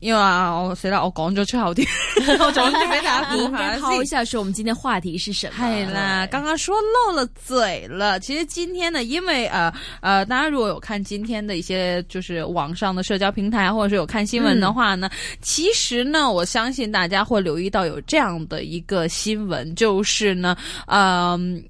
因為啊，我誰知道我講咗出好啲， 我總之唔俾打鼓，我先拋一下，說我們今天話題是什麼？係啦，剛剛說漏了嘴了。其實今天呢，因為呃呃，大家如果有看今天的一些就是網上的社交平台，或者是有看新聞的話呢，嗯、其實呢，我相信大家會留意到有這樣的一個新聞，就是呢，嗯、呃。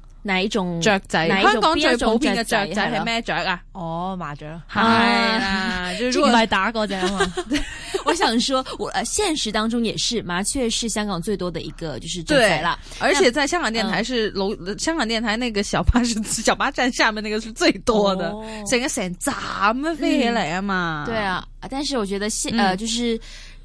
哪一種雀仔，香港最普遍嘅雀仔係咩雀啊？哦，麻雀咯，係啦，朱古力打嗰隻啊嘛。我想說我，現實當中也是麻雀是香港最多的一個，就是雀仔啦。而且在香港電台是樓，香港電台那個小巴是小巴站下面那個是最多的，整個傘雜乜飛起嚟啊嘛。對啊，但是我覺得現，呃，就是。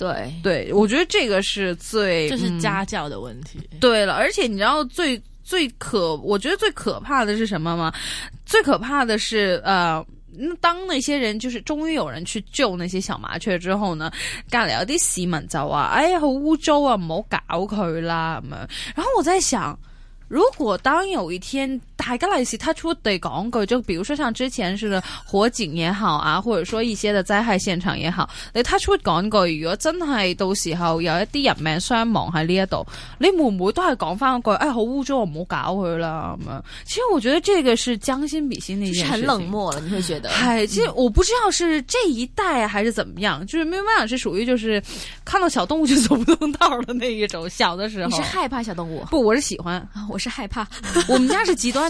對對，嗯、我覺得這個是最這是家教的問題、嗯。對了，而且你知道最最可，我覺得最可怕的是什麼嗎？最可怕的是，呃，當那些人就是終於有人去救那些小麻雀之後呢，干了你啲洗滿糟啊，哎呀好污糟啊，唔好搞佢啦咁樣。然後我在想，如果當有一天。大家嚟時，他出地講句，就比如說像之前似火警也好啊，或者說一些的災害現場也好，你他出講句，如果真係到時候有一啲人命傷亡喺呢一度，你會唔會都係講翻嗰句？哎，好污糟，我唔好搞佢啦咁樣。其實我覺得，這個是將心比心嘅一件事，其實很冷漠了，你會覺得。唉、嗯，其實我不知道是這一代還是怎麼樣，就是 maybe 是屬於就是看到小動物就走不動道的那一種。小的時候，你是害怕小動物？不，我是喜歡，我是害怕。 我們家是極端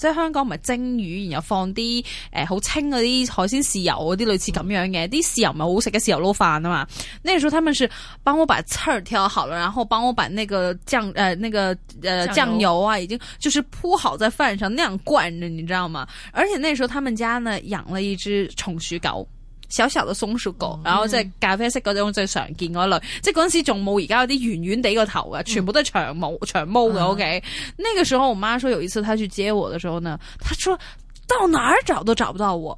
即係香港唔係蒸魚，然後放啲誒好清嗰啲海鮮豉油嗰啲類似咁樣嘅，啲、嗯、豉油唔係好食嘅豉油撈飯啊嘛。那個、時候他們是幫我把刺挑好了，然後幫我把那個醬誒、呃、那個誒醬、呃、油啊，已經就是鋪好在飯上，那樣灌着，你知道嗎？而且那時候他們家呢養了一隻松鼠狗。小小的都松鼠狗，然後即係咖啡色嗰種最常見嗰類，嗯、即係嗰陣時仲冇而家嗰啲圓圓地個頭呀，全部都係長毛、嗯、長毛嘅。O、okay? K，那個時候我媽說有一次她去接我的時候呢，她說到哪兒找都找不到我。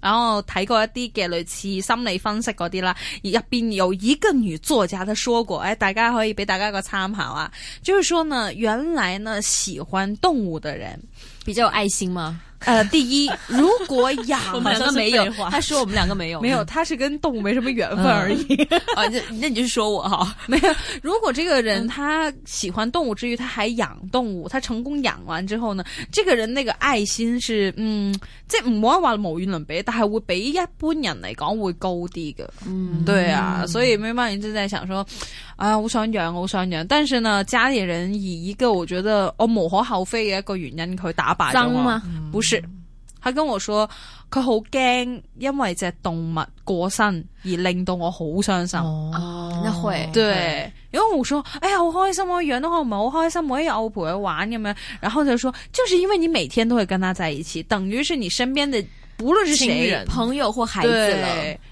然後睇過一啲嘅類似心理分析嗰啲啦，入邊有一個女作家都說過，誒，大家可以俾大家一個參考啊。就係說呢，原來呢喜歡動物的人比較有愛心嘛？呃，第一，如果養 我們兩個沒有，他說我們兩個沒有，嗯、沒有，他是跟動物沒什麼緣分而已啊、嗯哦。那你就說我哈，沒有。如果這個人他、嗯、喜歡動物之餘，他還養動物，他成功養完之後呢，這個人那個愛心是，嗯，這唔好話無與倫比，但係會比一般人嚟講會高啲嘅。嗯，對啊，所以咩咩，然之後在想說，啊、哎，我想養，我想養，但是呢，家裏人以一個我覺得我無可厚非嘅一個原因去打敗咗，髒嗎？是，他跟我說佢好驚，因為隻動物過身而令到我好傷心。哦，那會，對，因為我說，哎、欸、呀，好開心啊養到我唔係好開心，每一日我陪佢玩咁樣，然後就說，就是因為你每天都會跟他在一起，等於是你身邊的無論是誰侶朋友或孩子。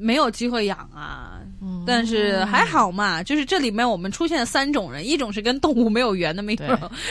沒有機會養啊，但是還好嘛。就是這裏面我們出現了三種人：一種是跟動物沒有緣的，沒有；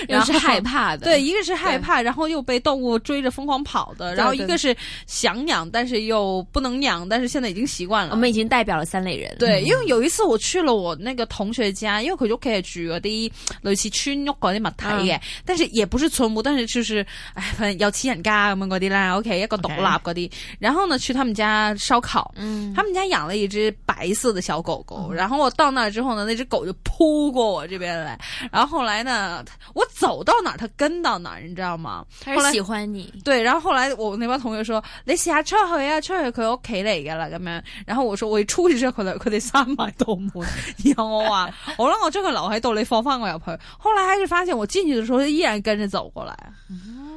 然後是害怕的，對；一個是害怕，然後又被動物追着瘋狂跑的；然後一個是想養，但是又不能養，但是現在已經習慣了。我們已經代表了三類人。對，因為有一次我去了我那個同學家，因為佢就開住嗰啲類似村屋嗰啲木頭嘅，但是也不是村屋，但是就是唉，反正要私人家咁樣嗰啲啦，OK，一個獨立嗰啲。然後呢，去他們家燒烤，嗯。他們家養了一隻白色的小狗狗，嗯、然後我到那之後呢，那隻狗就撲過我這邊來，然後後來呢，我走到哪它跟到哪，你知道嗎？它喜歡你。對，然後後來我那幫同學說：“嗯、你下次去啊，去佢屋企那個了，幹嘛？”然後我說：“我一出去之後，可能佢就閂埋道門，然後 我話、啊：好啦我，我將佢留喺度，你放翻我入去。後來還是發現我進去的時候，它依然跟着走過來。嗯”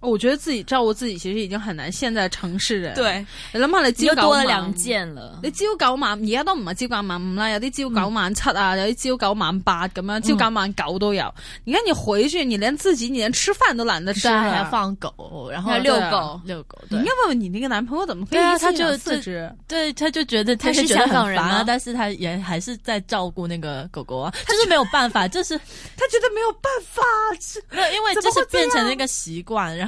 哦，我覺得自己照顧自己其實已經很難。現在城市人對，人家買了幾又多了兩件了。你只有搞嘛，你家都唔買只有搞嘛，唔啦有啲只有搞滿七啊，有啲只有搞滿八咁樣，只有狗滿九都有。你看你回去，你連自己你連吃飯都懶得吃，還要放狗，然後遛狗遛狗。你要問問你那個男朋友，怎麼第一次有四隻？對，他就覺得他是香港人啊，但是他也還是在照顧那個狗狗，啊。就是沒有辦法，就是他覺得沒有辦法，是，因為就是變成一個習慣，然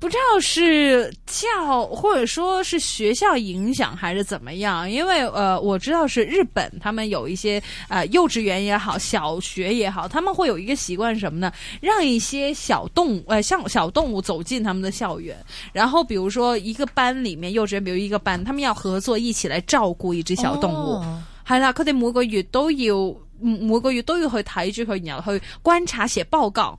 不知道是教，或者說是學校影響，還是怎麼樣？因為呃，我知道是日本，他們有一些呃幼稚園也好，小學也好，他們會有一個習慣什麼呢？讓一些小動物，呃，像小，小動物走進他們的校園。然後比如說一個班裏面，幼稚園比如一個班，他們要合作一起來照顧一隻小動物。好啦，哦，佢哋每個月都有，每個月都有去睇住佢，然後去觀察寫報告。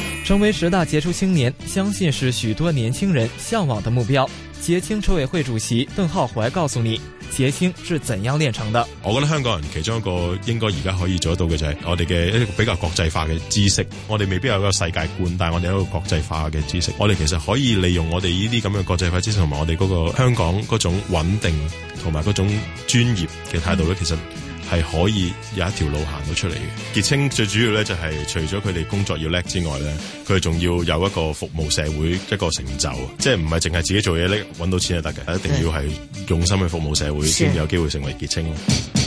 成為十大傑出青年，相信是許多年輕人向往的目標。傑青籌委會主席鄧浩懷告訴你，傑青是怎樣煉成的。我覺得香港人其中一個應該而家可以做得到嘅就係我哋嘅一個比較國際化嘅知識。我哋未必有一個世界觀，但係我哋有一個國際化嘅知識。我哋其實可以利用我哋呢啲咁嘅國際化知識同埋我哋嗰個香港嗰種穩定同埋嗰種專業嘅態度咧，其實。係可以有一條路行到出嚟嘅。結清最主要咧就係除咗佢哋工作要叻之外咧，佢仲要有一個服務社會一個成就，即係唔係淨係自己做嘢叻、搵到錢就得嘅，一定要係用心去服務社會先有機會成為結清。是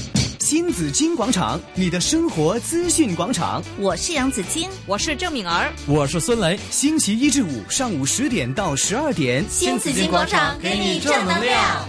新紫金廣場，你的生活資訊廣場，我是楊紫晶，我是鄭敏兒，我是孫雷，星期一至五上午十點到十二點，新紫金廣場給你正能量。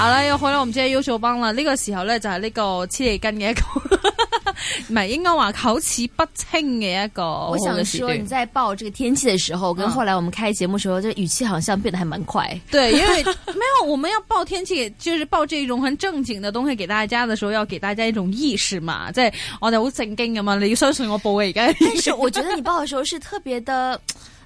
好了又回來我唔知喺優秀幫了呢、這個時候呢就係、是、呢個黐脷根嘅一個，唔 係應該話口齒不清嘅一個的。我想說，你在報這個天氣的時候，跟後來我們開節目的時候，就、嗯、語氣好像變得還蠻快。對，因為沒有我們要報天氣，就是報這一種很正經的東西給大家的時候，要給大家一種意識嘛。即、就、係、是、我哋好正經噶嘛，你要相信我報嘅而家。但是我覺得你報嘅時候是特別的。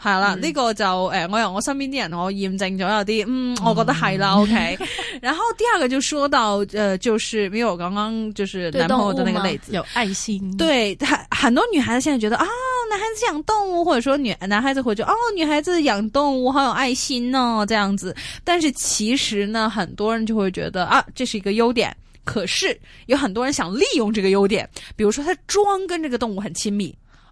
係啦，呢、 這個就誒、哎，我有，我身邊啲人我驗證咗有啲，嗯，我覺得係啦、嗯，OK。 然後第二個就說到，呃，就是比如我剛剛就是男朋友的那個例子，有愛心。對，很很多女孩子現在覺得啊、哦，男孩子養動物，或者說女男孩子會覺得，哦，女孩子養動物好有愛心哦，這樣子。但是其實呢，很多人就會覺得啊，這是一個優點。可是有很多人想利用這個優點，比如說，他裝跟這個動物很親密。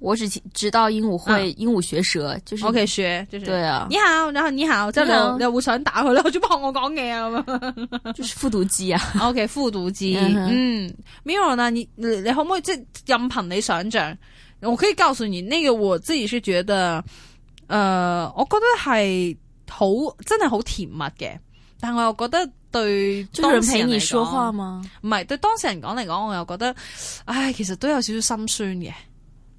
我只知道鸚鵡會鸚鵡學舌，oh. 就是 O K 學，就是、okay, sure , sure. 對啊你。你好，然後你好，之後好想打佢我就幫我講嘢啊啱。 就是複讀機啊，O、okay, K 複讀機。Uh huh. 嗯，Mirra 呢？你你可唔可以即係任憑你想象？我可以告訴你，那個我自己是覺得，誒、呃，我覺得係好真係好甜蜜嘅，但係我又覺得對當事人說,說話嗎？唔係，對當事人講嚟講，我又覺得，唉，其實都有少少心酸嘅。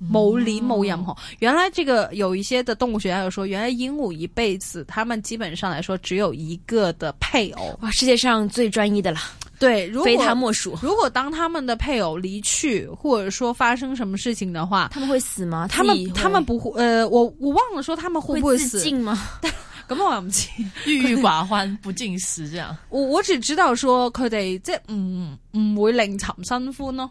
嗯、某離某眼紅，原來這個有一些的動物學家就說，原來鸚鵡一輩子，他們基本上來說只有一個的配偶，哇，世界上最專一的啦。對，非他莫屬如。如果當他們的配偶離去，或者說發生什麼事情的話，他們會死嗎？他們他們不會呃，我我忘了說他們會不會死會嗎？但我又唔知，郁鬱 寡歡，不進食這樣。 我我只知道說，佢哋即係唔唔會另尋新歡咯。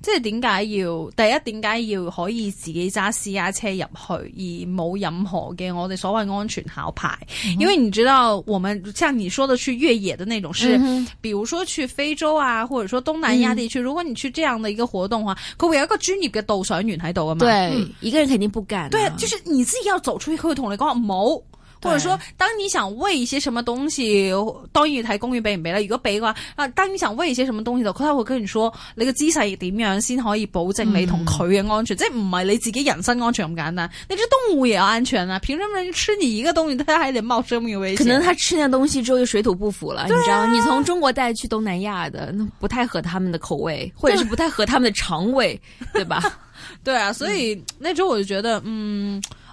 即係點解要第一？點解要可以自己揸私家車入去，而冇任何嘅我哋所謂安全考牌？嗯、哼因為你知道，我們像你說的去越野的那種，是，嗯、哼比如說去非洲啊，或者說東南亞地區，嗯、如果你去這樣的一個活動的話，佢會有一個專業嘅導賞員喺度㗎嘛，對，一個人肯定不敢、啊。對，就是你自己要走出去，佢會同你講話冇。對或者說，當你想餵一些什麼東西，當一台公寓被沒了如果杯的話，啊，當你想餵一些什麼東西的時候，他會跟你說，那個姿勢點樣先可以保證你同佢嘅安全，即係唔係你自己人身安全咁簡單，那隻動物也要安全啊。憑什麼人吃你一個東西他還得冒生命危險？可能他吃那東西之後就水土不服了，啊、你知道？你從中國帶去東南亞的，那不太合他們的口味，或者是不太合他們的腸胃， 對吧？ 對啊，所以、嗯、那時候我就覺得，嗯。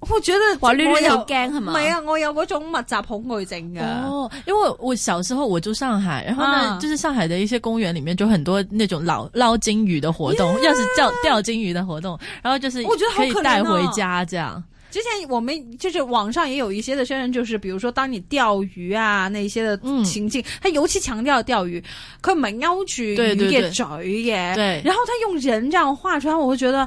我覺得哇我有驚係咪？唔係有啊，我有嗰種密集恐懼症㗎哦，因為我，我小時候我住上海，然後呢，啊、就是上海的一些公園裏面就很多那種撈撈金魚的活動，Yeah 要是釣釣金魚的活動，然後就是我覺得可以帶回家這樣。啊、之前我們就是網上也有一些的宣傳，就是比如說當你釣魚啊那些的情境，嗯、他尤其強調釣魚，佢冇勾住魚嘅嘴嘅，對，對，對，然後他用人這樣畫出來，我會覺得。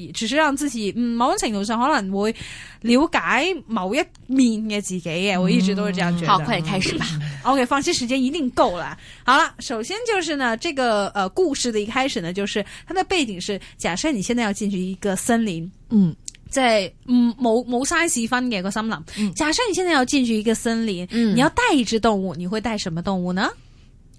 只是讓自己，嗯，某種程度上可能會了解某一面嘅自己嘅，嗯、我一直都是這樣覺得。好，快啲開始吧 ，OK，放心，時間一定夠啦。好了，首先就是呢，這個，呃，故事的一開始呢，就是它的背景是假設你現在要進去一個森林，嗯，在嗯某某，某山十分嘅個森林，嗯、假設你現在要進去一個森林，嗯，你要帶一隻動物，你會帶什麼動物呢？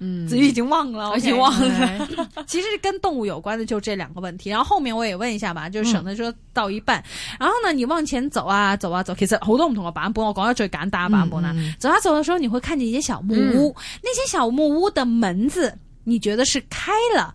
嗯，自己已經忘了，我已經忘了。其實跟動物有關的就這兩個問題， 然後後面我也問一下吧，就省得說到一半。嗯、然後呢，你往前走啊走啊走，其實好多唔同嘅版本，我講咗最簡單嘅版本呢。走啊走的時候，啊啊啊啊、你會看見一些小木屋，嗯、那些小木屋的門子，你覺得是開了？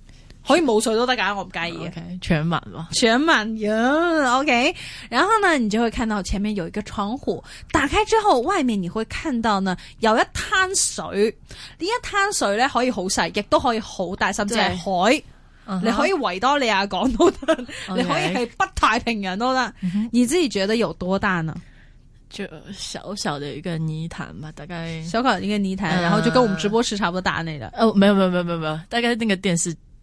可以冇水都得噶，我唔介意。O、okay, 全滿咯，全滿人。Yeah, o、okay、K，然後呢，你就會看到前面有一個窗戶，打開之後，外面你會看到呢，有一灘水。這一灘水呢一灘水咧可以好細，亦都可以好大，甚至係海。Uh huh. 你可以維多利亞港都得，Okay. 你可以係北太平洋都得。Uh huh. 你自己覺得有多大呢？就小小的一個泥潭嘛，大概小小的一個泥潭，uh huh. 然後就跟我們直播室差不多大那啲。哦，oh, 沒有沒有沒有沒有，大概那個電視。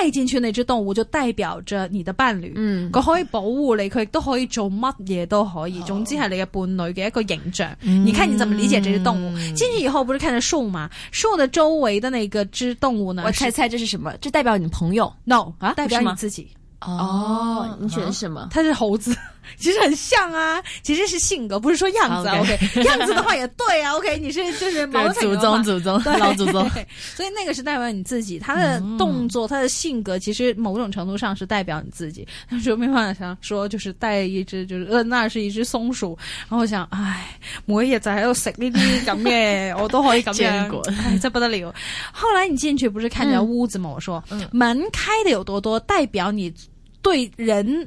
帶進去，那隻動物就代表着你的伴侶，佢、嗯、可以保護你，佢亦都可以做乜嘢都可以。哦、總之係你嘅伴侶嘅一個形象。嗯、你看你怎麼理解這隻動物？進去以後不是看着樹嗎？樹的周圍的那個隻動物呢？是我猜猜這是什麼？這代表你朋友？no 啊，代表你自己。哦，你選什麼？它是猴子。其實很像啊，其實是性格，不是說樣子啊。OK，樣子的話也對啊。OK，你是就是毛祖宗，祖宗，老祖宗。所以那個是代表你自己，他的動作，他的性格，其實某種程度上是代表你自己。他說沒辦法，想說就是帶一隻，就是呃，那是一隻松鼠。然後我想，哎，我也在，喺度食呢啲咁嘅，我都可以咁樣，這不得了。後來你進去不是看見屋子嘛？我說，門開的有多多，代表你對人。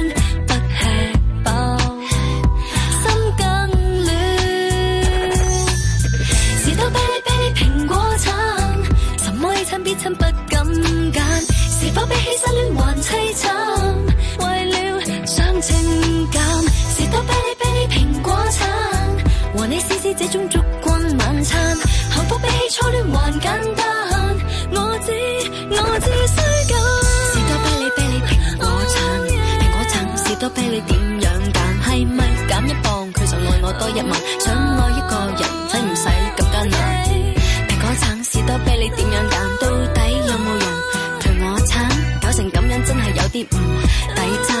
這種燭光晚餐，幸福比起初戀還簡單。我知我知需揀士多啤梨、啤梨蘋果橙、蘋、oh, yeah. 果橙士多啤梨，點樣揀？係咪減一磅，佢就愛我多一吻？Oh, 想愛一個人，使唔使咁艱難？蘋 Okay. 果橙、士多啤梨，點樣揀？到底有冇人陪我撐？Oh, yeah. 搞成咁樣，真係有啲唔抵撐。Oh, yeah.